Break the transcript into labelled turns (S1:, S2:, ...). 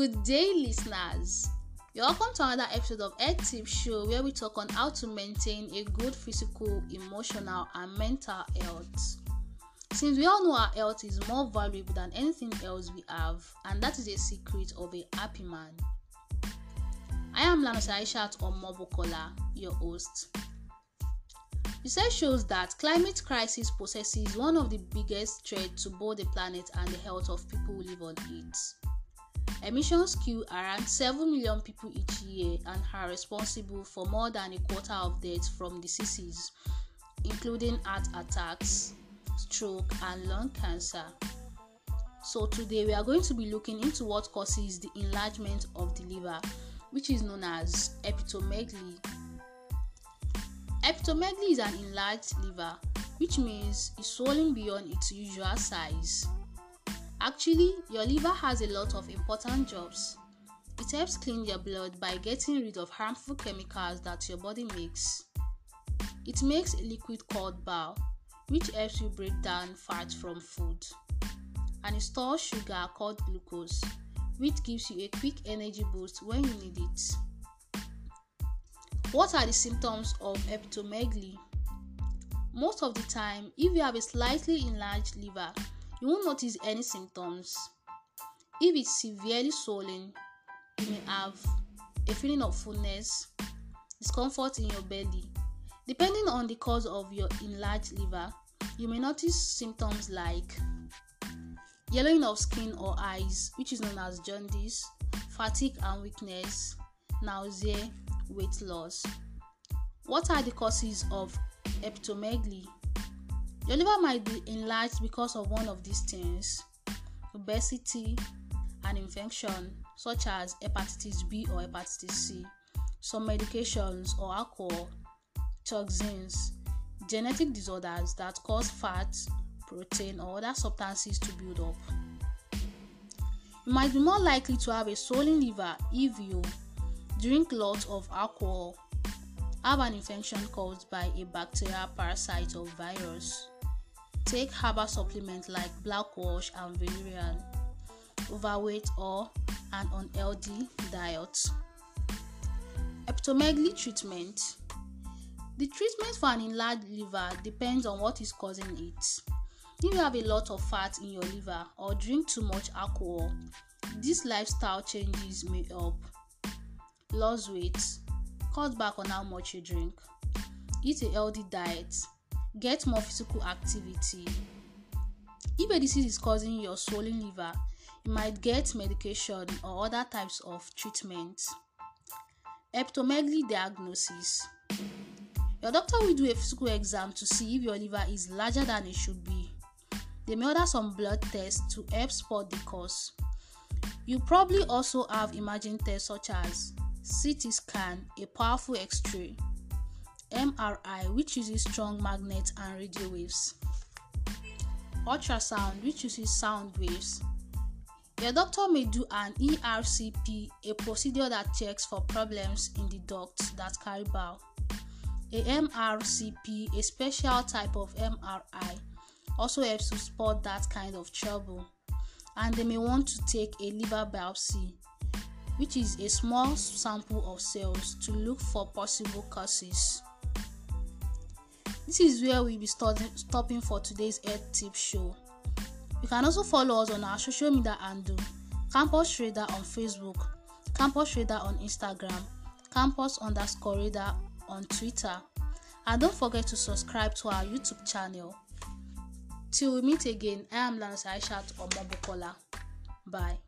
S1: Good day, listeners. You're welcome to another episode of Ed Tip Show where we talk on how to maintain a good physical, emotional, and mental health. Since we all know our health is more valuable than anything else we have, and that is a secret of a happy man. I am on mobile Omobokola, your host. Research shows that climate crisis possesses one of the biggest threats to both the planet and the health of people who live on it. Emissions kill around 7 million people each year and are responsible for more than a quarter of deaths from diseases, including heart attacks, stroke, and lung cancer. So, today we are going to be looking into what causes the enlargement of the liver, which is known as epitomegaly. Epitomegaly is an enlarged liver, which means it's swollen beyond its usual size. Actually, your liver has a lot of important jobs. It helps clean your blood by getting rid of harmful chemicals that your body makes. It makes a liquid called bile, which helps you break down fat from food. And it stores sugar called glucose, which gives you a quick energy boost when you need it. What are the symptoms of hepatomegaly? Most of the time, if you have a slightly enlarged liver, You won't notice any symptoms. If it's severely swollen, you may have a feeling of fullness, discomfort in your belly. Depending on the cause of your enlarged liver, you may notice symptoms like yellowing of skin or eyes, which is known as jaundice, fatigue and weakness, nausea, weight loss. What are the causes of hepatomegaly? Your liver might be enlarged because of one of these things obesity, an infection such as hepatitis B or hepatitis C, some medications or alcohol, toxins, genetic disorders that cause fat, protein, or other substances to build up. You might be more likely to have a swollen liver if you drink lots of alcohol Have an infection caused by a bacterial parasite or virus. Take herbal supplements like blackwash and valerian. Overweight or an unhealthy diet. Hepatomegaly treatment. The treatment for an enlarged liver depends on what is causing it. If you have a lot of fat in your liver or drink too much alcohol, these lifestyle changes may help. Lose weight. Cut back on how much you drink. Eat a healthy diet. Get more physical activity. If a disease is causing your swollen liver, you might get medication or other types of treatment. Eptomegaly diagnosis. Your doctor will do a physical exam to see if your liver is larger than it should be. They may order some blood tests to help spot the cause. You probably also have imaging tests such as CT scan, a powerful X ray, MRI, which uses strong magnets and radio waves, ultrasound, which uses sound waves. Your doctor may do an ERCP, a procedure that checks for problems in the ducts that carry bowel. A MRCP, a special type of MRI, also helps to spot that kind of trouble. And they may want to take a liver biopsy, which is a small sample of cells to look for possible causes. This is where we'll be stopping for today's Earth Tip Show. You can also follow us on our social media handle Campus Trader on Facebook, Campus Trader on Instagram, Campus underscore Trader on Twitter, and don't forget to subscribe to our YouTube channel. Till we meet again, I am Lance Aishat Omobokola. Bye.